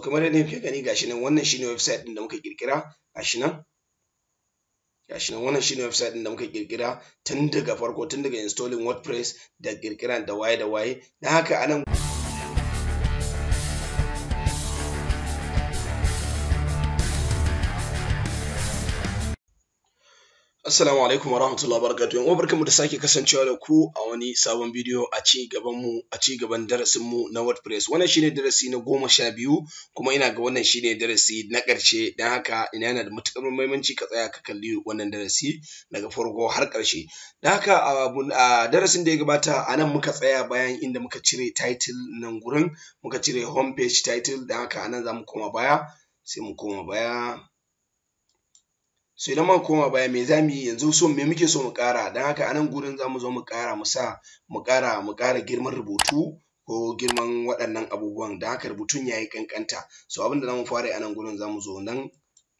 kamar yadda kuke gani gashi nan wannan shine website din da muka kirkira gashi nan gashi nan wannan shine website din da muka kirkira tun daga farko tun daga installing wordpress da kirkiran da waye da waye dan haka anan Assalamu alaikum warahmatullahi wabarakatuh. Yan barkamu da sake kasancewa da ku a wani sabon bidiyo a ci gaban mu a ci gaban darasin mu na WordPress. Wannan shine darasi na goma sha biyu kuma ina ga wannan shine darasi na ƙarshe don haka ina yana da matuƙar muhimmanci ka tsaya ka kalli wannan darasi daga farko har ƙarshe. Don haka a darasin da ya gabata a nan muka tsaya bayan inda muka cire title nan gurin muka cire home page title don haka a nan za mu koma baya sai mu koma baya sai da man koma baya me zamu yi yanzu so me muke so mu kara don haka anan gurin zamu zo mu kara mu sa mu kara mu kara girman rubutu ko girman waɗannan abubuwan don haka rubutun yayi kankanta so abinda zamu fara yi anan gurin zamu zo nan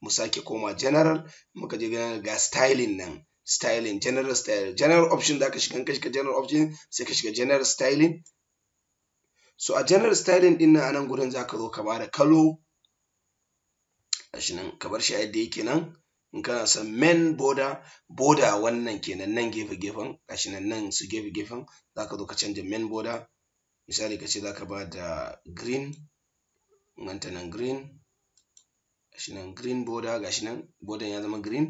mu sake koma general muka je general ga styling nan styling general style general option da ka shiga ka shiga general option sai ka shiga general styling so a general styling din nan anan gurin zaka zo ka bada kalo gashi nan ka bar shi a yadda yake nan in kana son main border border wannan kenan nan gefe gefen gashi nan nan su gefe gefen zaka zo ka canja main border misali ka ce zaka ba da green ganta nan green gashi nan green border gashi nan border ya zama green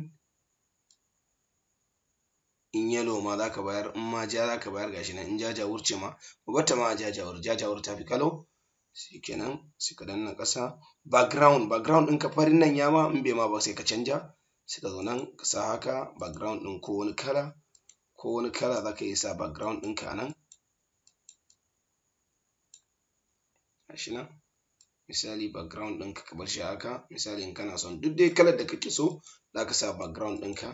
in yellow ma zaka bayar in ma ja zaka bayar gashi nan in jajawur ce ma ku ma a jajawur jajawur ta fi kalo kenan sai ka danna ƙasa background background ka farin nan ya ma in bai ma ba sai ka canja sai ka zo nan ka sa haka background ɗin ko wani kala ko wani kala za ka iya sa background ɗinka a nan shi nan misali background ɗinka ka bar shi haka misali in kana son duk dai kalar da kake so za ka sa background ɗinka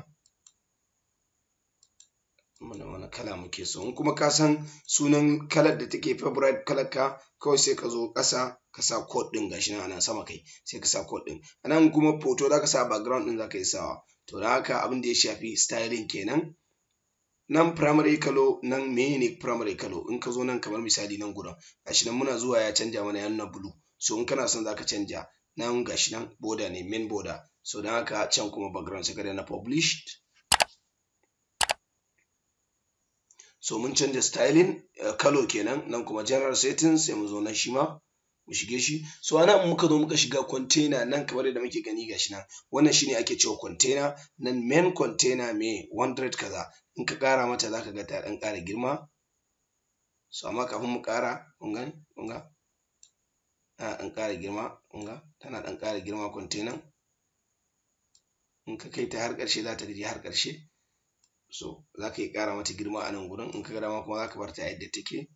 kala muke so in kuma ka san sunan kalar da take favorite kalar ka kawai sai ka zo kasa ka sa code din gashi nan ana sama kai sai ka sa code din anan kuma photo zaka sa background din zaka yi sawa to da haka abin da ya shafi styling kenan nan primary color nan mene primary kalo in ka zo nan kamar misali nan gudan gashi nan muna zuwa ya canja mana ya nuna blue so in kana son zaka canja nan gashi nan border ne main border so don haka can kuma background sai ka na published so mun canja styling kalo eh, kenan nan kuma general settings sai mu zo nan shi ma mu shige shi so anan in muka zo muka shiga container nan kamar yadda muke gani gashi nan wannan shine ake cewa container nan main container me 100 kaza in ka kara mata zaka ga ta dan kara girma so amma kafin mu kara kun gani kun ga tana dan kara girma kun ga tana dan kara girma container in ka kai ta har karshe za ta gaji har karshe so za ka yi ƙara mata girma a nan gurin in ka gara kuma za ka bar ta yadda take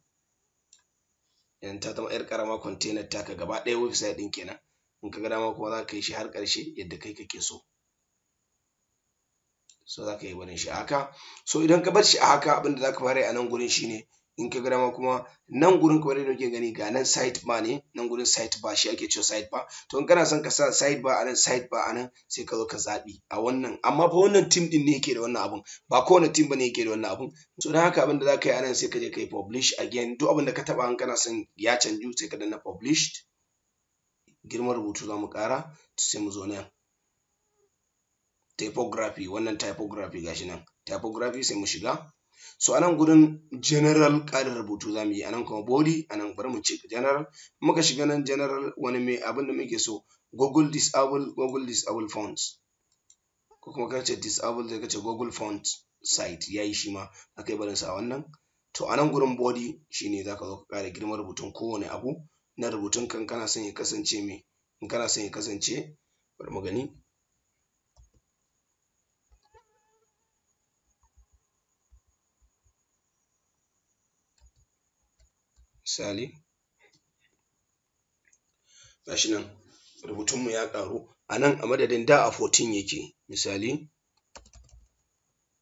yan ta zama yar ƙarama container taka gaba ɗaya website ɗin kenan in ka gara kuma za ka yi shi har ƙarshe yadda kai kake so so za ka yi barin shi a haka so idan ka bar shi a haka abin da za ka fara a nan gurin ne. in ka ga dama kuma nan gurin kamar yadda kuke gani ga nan site ba ne nan gurin site ba shi ake cewa site ba to in kana son ka sa site ba a nan site ba a sai ka zo ka zaɓi a wannan amma fa wannan team din ne yake da wannan abun ba kowane team bane yake da wannan abun so don haka abin da za ka yi a nan sai ka je ka yi publish again duk abin da ka taɓa in kana son ya canju sai ka danna published girman rubutu za mu ƙara sai mu zo nan typography wannan typography gashi nan typography sai mu shiga so anan gurin general ƙarin rubutu za mu yi anan kuma body anan bari mu ce general muka shiga nan general wani mai abin da muke so google disable google disable fonts ko kuma kace disable zai kace google font site yayi shi ma akai barin sa wannan to anan gurin body shine zaka zo ka ƙara girman rubutun kowane abu na rubutun kan kana son ya kasance me in kana son ya kasance bari mu gani misali gashi nan rubutunmu ya ƙaru a nan a madadin da a 14 yake misali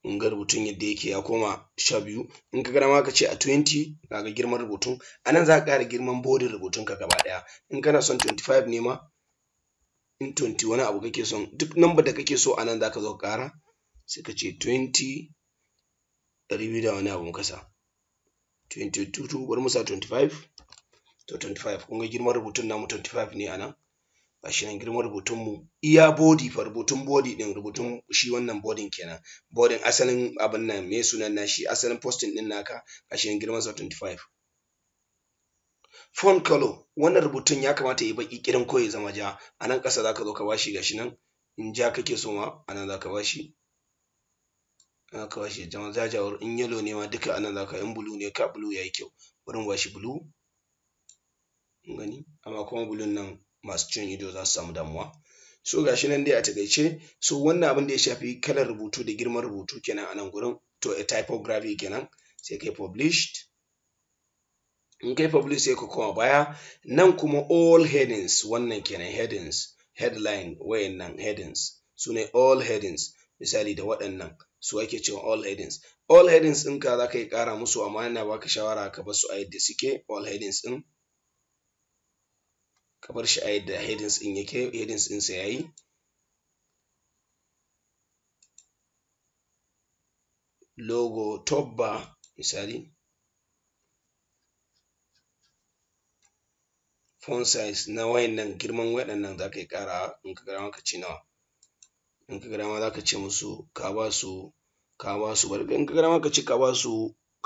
in ga rubutun yadda yake ya koma 12 in ka gana ma ka ce a 20 ga girman rubutun a nan za ka ƙara girman bodin rubutun ka gaba ɗaya in kana son 25 ne ma in 20 wani abu kake son duk number da kake so a nan za ka zo ka ƙara sai ka ce 20 ɗari biyu da wani abu kasa 22 bari mu sa 25 to 25 kun ga girman rubutun namu 25 ne anan gashi nan girman rubutun mu iya body fa rubutun body din rubutun shi wannan bodin kenan bodin asalin abin nan me sunan nashi asalin posting din naka gashi nan girman sa 25 phone color wannan rubutun ya kamata ya baki kirin koyi ya zama ja anan ƙasa zaka zo ka bashi gashi nan in ja kake so ma anan zaka bashi aka bashi ya za jawar in yellow ne ma duka anan ka in blue ne ka blue yayi kyau wurin bashi blue gani amma kuma bulun nan masu cin ido za su samu damuwa so gashi nan dai a takaice so wannan abin da ya shafi kalar rubutu da girman rubutu kenan a nan gurin to a typography kenan sai kai published in kai publish sai ka koma baya nan kuma all headings wannan kenan headings headline wayannan headings su ne all headings misali da waɗannan su ake cewa all headings all headings din ka ka yi kara musu amma ina baka shawara ka bar su a yadda suke all headings ɗin ka bar shi a yadda headings ɗin yake headings ɗinsa ya yi logo top bar misali font size na wayannan girman waɗannan za ka yi ƙara in ka gara ka ce nawa in ka gara dama za ka ce musu ka ba su ka ba su bari in ka dama ka ce ka ba su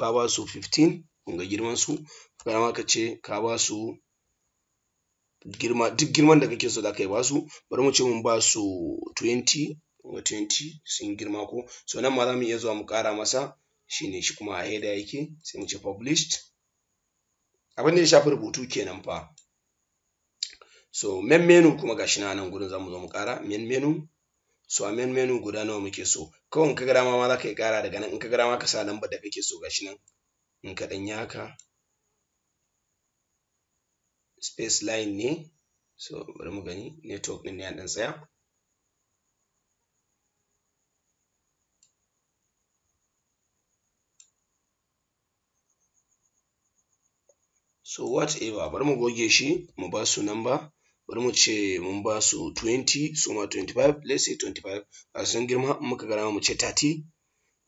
ka ba su 15 kun ga girman su ka dama ka ce ka ba su girma duk girman da kake so za ka yi ba su bari mu ce mun ba su 20 ga 20 sun girma ko so nan ma za mu iya zuwa mu ƙara masa shine shi kuma a header yake sai mu ce published abin da ya shafi rubutu kenan fa so main menu kuma gashi na nan gurin za mu zo mu ƙara main menu so a main menu guda nawa muke so kawai in ka gara ma za ka yi kara daga nan in ka gara ma ka sa lambar da kake so gashi nan in ka ɗan space line ne so bari mu gani network ɗin ne ya ɗan tsaya so whatever bari mu goge shi mu ba su number bari mu ce mun ba su 20 su ma 25 let's say 25 a sun girma in muka gara mu ce 30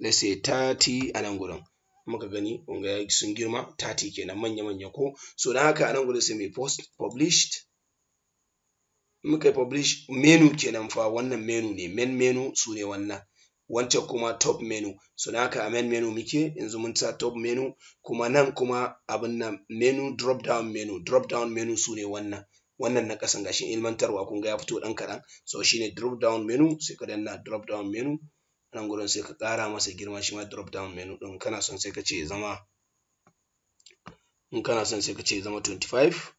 let's say 30 a nan gurin muka gani kun ga sun girma 30 kenan manya manya ko so dan haka a nan gurin sai mai post published muka publish menu kenan fa wannan menu ne main menu su ne wannan wancan kuma top menu so dan haka a main menu muke yanzu mun sa top menu kuma nan kuma abin nan menu drop down menu drop down menu su ne wannan wannan na kasan gashin ilmantarwa kun ga ya fito dan kadan so shine drop down menu sai ka danna drop down menu nan gurin sai ka kara masa girma shi ma drop down menu din kana son sai ka ce zama in kana son sai ka ce zama 25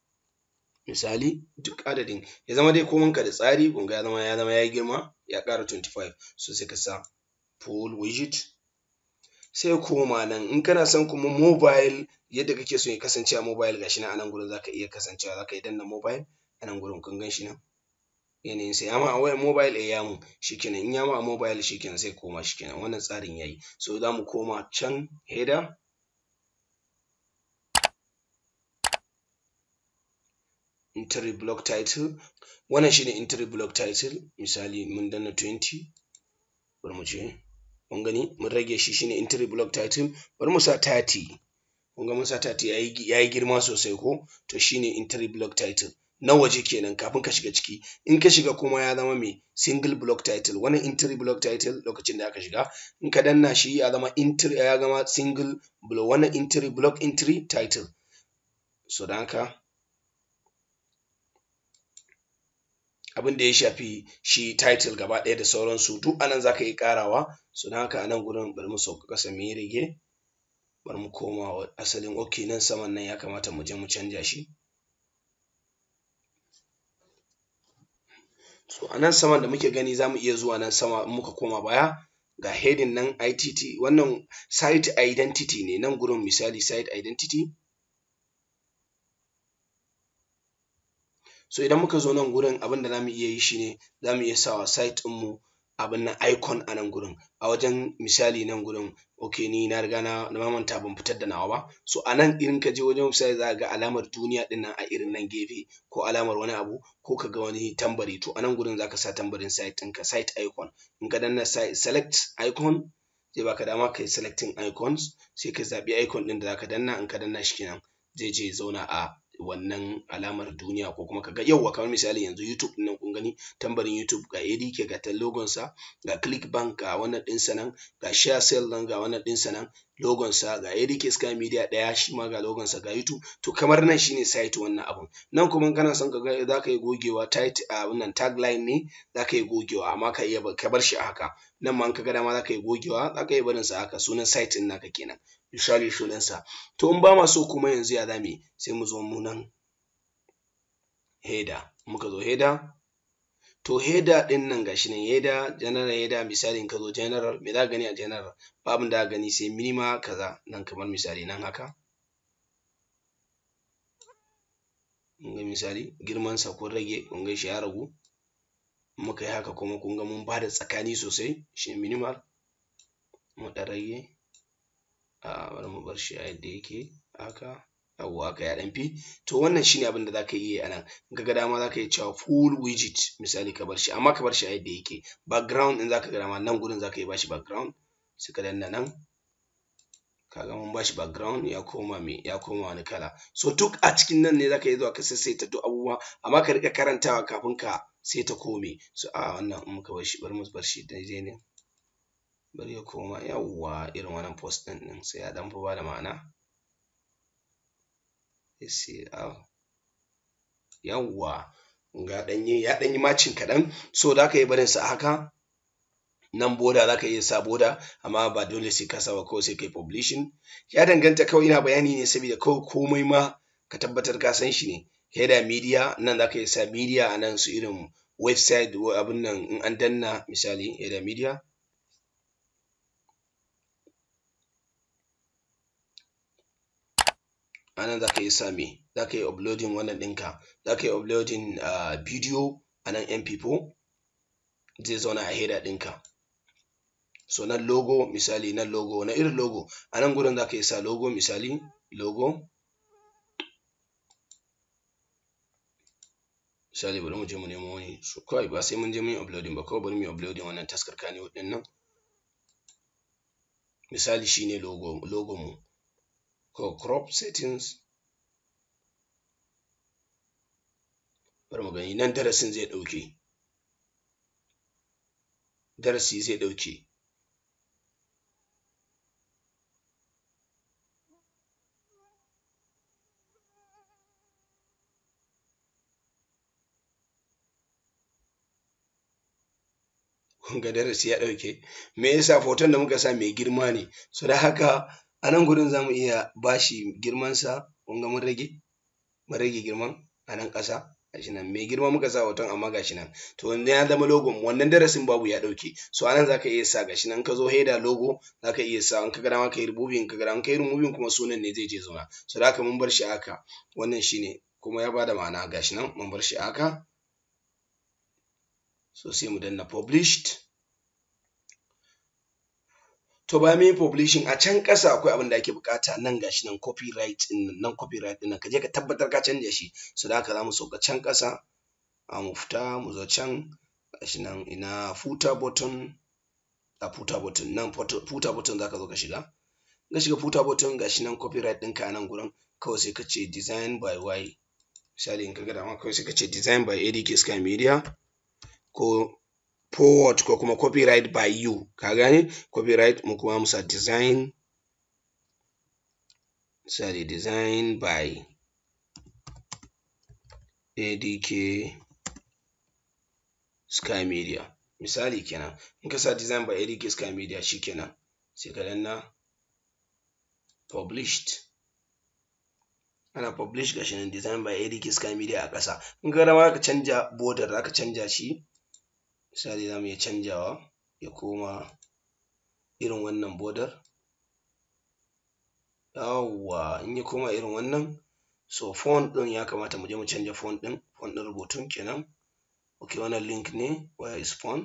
misali duk adadin ya zama dai ko ka da tsari kun ga ya zama ya zama ya girma ya kara 25 so sai ka sa full widget sai koma nan in kana son kuma mobile yadda kake so ya kasance a mobile gashi nan a gurin zaka iya kasancewa zaka yi danna mobile a gurin kun gan shi nan yanayin sai yama a wayan mobile eh ya mu shikenan in yama a mobile shikenan sai koma shikenan wannan tsarin yayi so za mu koma can header entry block title wannan shine entry block title misali mun danna 20 bari mu je kun gani mun rage shi shine entry block title bari mu sa 30 kun ga mun sa 30 yayi girma sosai ko to shine entry block title na waje kenan kafin ka shiga ciki in ka shiga kuma ya zama mai single block title wani entry block title lokacin da aka shiga in ka danna shi ya zama entry ya zama single block wani entry block entry title so don haka abin da ya shafi shi title gaba ɗaya da sauransu duk anan za ka yi karawa su don haka anan gurin bari mu sauka ƙasa mu yi rige bari mu koma wa asalin ok nan saman nan ya kamata mu je mu canja shi so a saman da muke gani za mu iya zuwa nan sama in muka koma baya ga heading nan ITT wannan site identity ne nan gurin misali site identity so idan muka zo nan gurin abin da zamu iya yi shine zamu iya sawa site din mu abin nan icon a nan gurin a wajen misali nan gurin ok ni na riga na na mamanta ban fitar da nawa ba so a nan irin ka je wajen misali za ga alamar duniya din nan a irin nan gefe ko alamar wani abu ko ka ga wani tambari to a nan gurin za ka sa tambarin site ɗinka site icon in ka danna select icon zai baka dama kai selecting icons sai ka zaɓi icon ɗin da zaka danna in ka danna shi kenan zai je zauna a wannan alamar duniya ko kuma kaga yauwa kamar misali yanzu YouTube nan kun gani tambarin YouTube ga ke ga ta logon sa ga Clickbank ga wannan din sanan ga share sale nan ga wannan din sanan logon sa ga ke Sky Media daya shi ma ga logon sa ga YouTube to kamar nan shine site wannan abun nan kuma kana son kaga zaka yi gogewa tight a wannan tagline ne zaka yi gogewa amma ka iya ka bar shi haka nan ma ka ga dama zaka yi gogewa zaka yi barin sa haka sunan site din naka kenan ya share shulansa to in ba ma so kuma yanzu ya zame sai mu zo mu nan heda muka zo heda to heda din nan gashi nan heda general heda misali in ka zo general me za ka gani a general babin da gani sai minima kaza nan kamar misali nan haka ga misali girman sa kun rage kun ga shi ya ragu muka yi haka kuma kun ga mun bada tsakani sosai shi minimal mu dan rage bari mu bar shi a yadda yake haka yawwa haka ya ɗan fi to wannan shine abin da za ka iya a nan in ka ga dama za ka iya cewa full widget misali ka bar shi amma ka bar shi a yadda yake background in za ka ga dama nan gudun za ka iya ba shi background sai ka danna nan kaga mun bashi background ya koma me ya koma wani kala so duk a cikin nan ne zaka yi zuwa ka sassaita duk abubuwa amma ka rika karantawa kafin ka sai ta kome so a wannan in muka bar shi bari mu bar shi daidai ne bari ya koma yawwa irin wannan post ɗin ɗin sai ya ɗan fi da ma'ana ACL yawwa ga ɗanye ya ɗanyi macin kaɗan so da ka yi barin sa haka nan boda za ka iya sa boda amma ba dole sai kasa ba kawai sai kai publishing ya danganta kawai ina bayani ne saboda kawai komai ma ka tabbatar ka san shi ne header media nan za ka iya sa media a nan su irin website abin nan in an danna misali header media anan za ka iya sami za ka yi uploading wannan ɗinka za ka yi uploading bidiyo ah, a nan mp4 zai zauna a header ɗinka so nan logo misali nan logo na irin logo a nan gudun za ka iya sa logo misali logo misali bari mu je mu nemo wani su kawai ba sai mun je mun uploading ba kawai bari mu uploading wannan taskar kani wadannan, nan misali shine logo logo mu ko crop settings bari mu gani nan darasin zai ɗauke darasi zai ɗauke kun ga darasi ya ɗauke me yasa hoton da muka sa mai girma ne so da haka a nan gurin za mu iya ba shi girmansa kun ga mun rage mun rage girman a nan ƙasa shi nan mai girma muka sa hoton amma ga shi nan to wanda ya zama logo? wannan darasin babu ya ɗauke so a nan za ka iya sa ga shi nan ka zo header logo za ka iya sa Wanka ka ka yi removing ka ka yi kuma sunan ne zai je zauna so da haka mun bar shi haka wannan ne kuma ya bada ma'ana ga shi nan mun bar shi haka so sai mu danna published mai Publishing a can ƙasa akwai abin da ake bukata nan gashi nan copyright din nan copyright din nan je ka tabbatar ka canja shi so da haka za mu sauka can ƙasa a mu fita mu zo can gashi nan ina footer button a footer button nan footer button ka zo ka shiga ka shiga footer button gashi nan copyright din ka nan gurin kawai sai ka ce design by y misali in ka ga dama kawai sai ka ce design by adk sky media ko forward ko kuma copyright by you ka gane copyright mu kuma musa design sorry design by adk sky media misali kenan in ka sa design by adk sky media shikenan sai ka danna published ana publish gashi nan design by adk sky media a ƙasa in ka ma ka canja border za ka canja shi misali za mu iya canjawa ya koma irin wannan bodar yawwa in ya koma irin wannan so font ɗin ya kamata mu je mu canja font ɗin font ɗin rubutun kenan ok wannan link ne where is font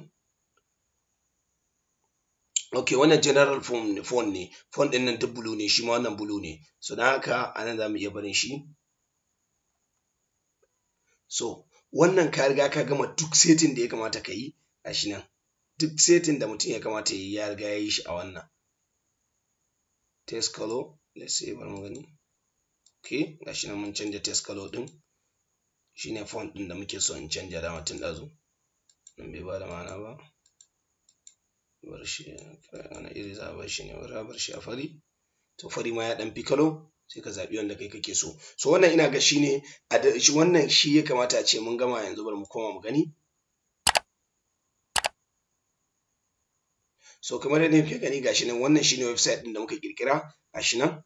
ok wannan general font ne font ɗin nan duk blue ne shi ma wannan blue ne so don haka anan za mu iya barin shi so wannan ka riga ka gama duk setin da ya kamata ka yi a shi nan duk setin da mutum ya kamata ya yi ya riga ya yi shi a wannan test color let's say bari mu gani okay ga shi nan mun canja test color din ne font din da muke so in canja da mutum zo nan bai ba da ma'ana ba bar shi ana iri za a bar shi ne bari bar shi a fari to fari ma ya dan fi kalo sai ka zaɓi wanda kai kake so so wannan ina ga shine shi wannan shi ya kamata a ce mun gama yanzu bari mu koma mu gani so kamar yadda kuke gani gashi nan wannan shine website din da muka kirkira gashi nan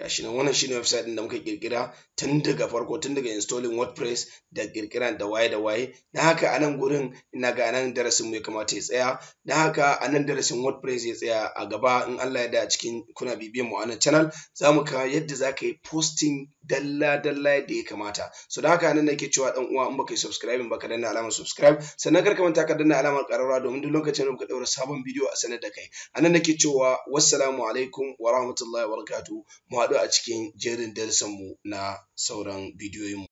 ya shi ne wannan shine website din da muka kirkira tun daga farko tun daga installing wordpress da kirkira da waye da waye na haka a nan gurin ina ga anan darasin mu ya kamata ya tsaya na haka a nan darasin wordpress ya tsaya a gaba in Allah ya da cikin kuna bibiyan mu a nan channel za mu yadda za ka yi posting dalla dalla yadda ya kamata so da haka nan nake cewa dan uwa in baka yi subscribe ba danna alamar subscribe sannan kar ka manta ka danna alamar karara domin duk lokacin da muka daura sabon bidiyo a sanar da kai anan nake cewa wassalamu alaikum wa rahmatullahi wa barakatuh mu haɗu a cikin jerin darsan mu na sauran bidiyoyin mu.